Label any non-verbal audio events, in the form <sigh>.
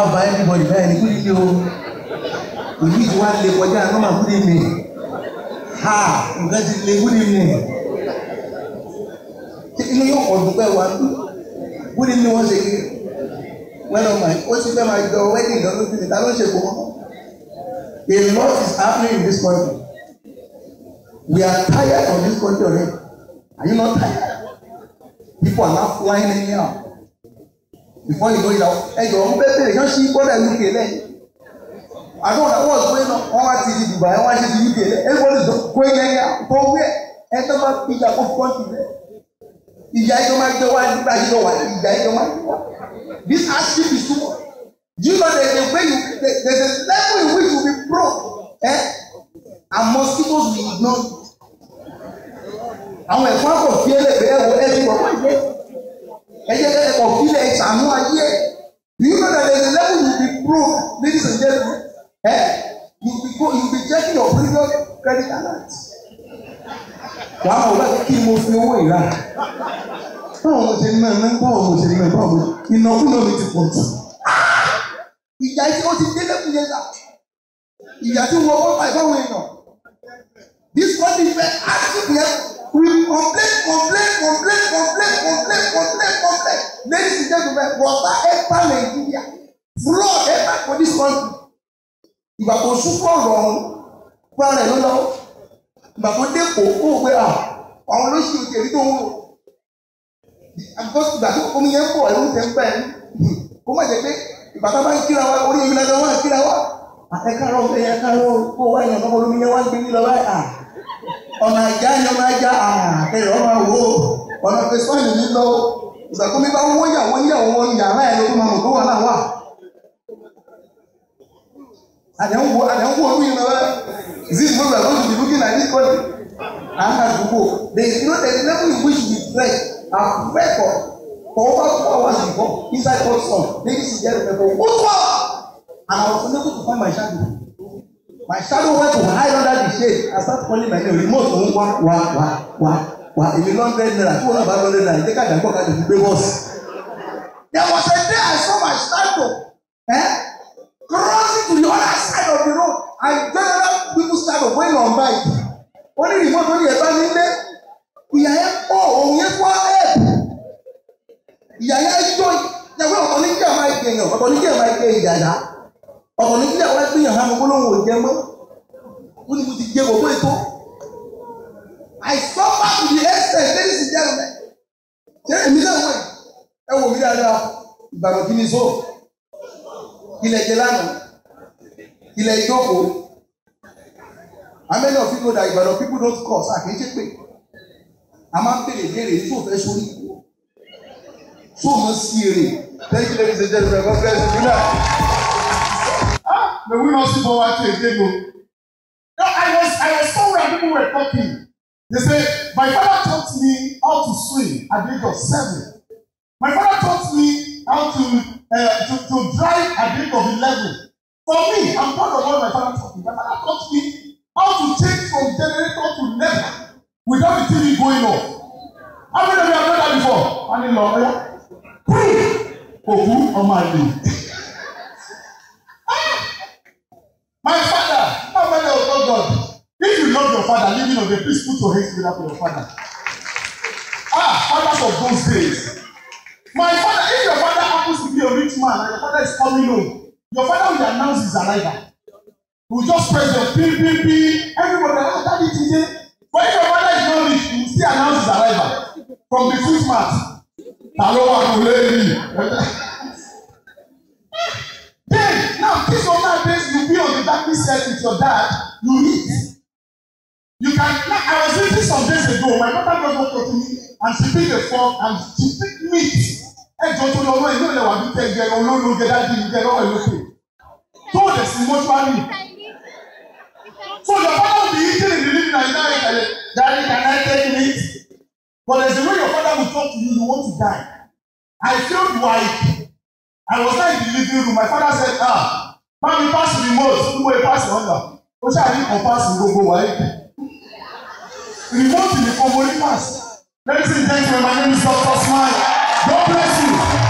wá bá everybody báyìí ní kúrì ní o òní ti wá lè kọjá nọ́mà kúrì mi ha nǹkan ti lè kúrì mi ilé yóò kọ̀ dùpẹ́ wa kúrì mi wọ́n ṣe kí wẹ́rọ mọ̀ ó sì fẹ́ máa jọ wẹ́dì ìdánlójú níta ló ń ṣe kó mọ́ a lot is happening in this country we are tired of this country already are you not tired people are not flying anyhow before you know it ẹjọ ń bẹ bẹ̀rẹ̀ yọ sí bọ́dà UK lẹ àdóhùn àwọn ọ̀gbẹ́ náà wọ́n wá ti di Dubai wọ́n wá ti di UK lẹ everybody is going ẹ̀yà tó wẹ̀ ẹ̀ tó máa fi ìjà kó fọ́ọ̀tì lẹ ìjà ẹjọ́ máa gbé wá nígbà tí wọ́n wà ìjà ẹjọ́ máa gbé wá this hardship is too you know there is a way you there is a level in which you be pro eh and mosquitoes be ignored àwọn ẹ̀fọn kò fi ẹlẹ́gbẹ̀ẹ́ wọ ẹ̀dùn wọn and who are Do you know that there's a level you be broke, ladies and gentlemen? Eh? You'll be, go, you'll be checking your previous credit alert. Wàá mọ̀ wá kí mo fi owó ìlà. Báwo mo ṣe ná ná báwo mo ṣe ná báwo mo ìnákúnà mi ti pọ̀ jù. Ah! Ìjà tí ó ti dé lẹ́kùn yẹn là. Ìjà tí wọ́n wọ́n pa ìbáwọn èèyàn. This one is very active level. ever, water ever Nigeria, flood ever for this country. Ìgbà tó súnmọ́ rọrùn fúnra rẹ̀ ló lọ. Ìgbà tó dé kò kó pé à àwọn olóṣì òkè rí tó ń wò. Àgbọ̀sí ìgbà tó omi yẹn pọ̀ ẹ̀rú tẹ̀ ń pẹ̀ kó má jẹ́ pé ìgbà tó bá ń kíra wa orí èmi lọ́dọ̀ wọn kíra wa. Àtẹ̀kárọ̀ ń bẹ yẹn kárọ̀ kó wá ìyàn lọ́wọ́ olómi yẹn wá ń gbé yín lọ báyìí à. Ọ̀nà àjá ni ọmọ ajá à kẹrì ọmọ ìgbà tó mi bá wọ́n yàwó yàwó wọn yàrá ẹ̀ ló máa mọ̀ tó wà náà wà. àdéhùn àdéhùn olú yìí náà this program don be looking at this body and as you go there is no there in which we pray and pray for for over two hours before inside God's son ladies and gentlemen for one hour and I was unable to find my shadow my shadow went to hide under the shade and start calling my name remote one one one one wà èmi lọ́ndẹ̀ náírà tí wọ́n náà bá lọ́ndẹ̀ náírà ìdíkà àgbàgbọ́ ká lè fi gbé bọ́ọ̀sì. There was a day I saw my statue eh, crossing to the other side of the road and general people start started going on bike. Only the ìmọ̀ tó yẹ bá nílé ìyá yẹn pọ̀ òun yẹn pọ̀ ẹ̀ẹ́dù ìyá yẹn yọ ìyàwó ọ̀pọ̀ ní kí ẹ̀ máa gbé yàn ọ̀pọ̀ ní kí ẹ̀ máa gbé ìdàdà ọ̀pọ̀ ní kí yàn hàn gbólóhùn òjẹ́ mọ́ wọ́n mo ti jẹ́ gbogbo ètò. I suffer to the extent ladies and gentlemen ṣé èmi náà wọ̀nyí ẹ wò mí dáadáa ìbàdàn kí ni so ilẹ̀ jẹ lánàá ilẹ̀ ìjókòó amẹ́lẹ̀ ọ̀fíìkò dà ìbàdàn people don't cause àkíńṣe pé a máa ń bèrè léèrè ní sóòfẹ́ sórí tó mọ̀ sí èrè thank you ladies and gentlemen God bless you ah the we not see forward to again o. no I was I was somewhere people were talking. They say, My father taught me how to swim at the age of seven. My father taught me how to, uh, to, to drive at the age of 11. For me, I'm proud of what my father taught me. My father taught me how to change from generator to never without the TV going off. How many of you have done that before? I mean, Lord, yeah. Òkú ọmọ àlè. <laughs> Ah! My father love your father living on the put your to together for your father. Ah, fathers of those days. My father, if your father happens to be a rich man and your father is coming home, your father will announce his arrival. He will just press the pin, pin, pin. Everybody, ah, daddy, TJ. But if your father is not rich, he will still announce his arrival from the foot mat. Ta ló wà ní <laughs> Then, now, this other days you be on the darkness side with your dad, you eat can now I was reading some days ago my mother just walk to me and she picked a fork and she take meat ẹjọ tó lọ lọ́yìn lónìí wà nípa ẹgbẹ́ olólùgẹ́ dájú ìgbẹ́ lọ́wọ́ lókè tó o dẹ̀ sí mọ́ṣúárì so your father will be eating in the living room now and daddy can I take but as is a way your father will talk to you you want to die I felt like I was not in the living room my father said ah mami pass the remote no way pass the hunger o ṣe àyíkọ pass gbogbo wa yìí remote in the Comori Pass. Ladies and gentlemen, my name is Dr. Smile. God bless you.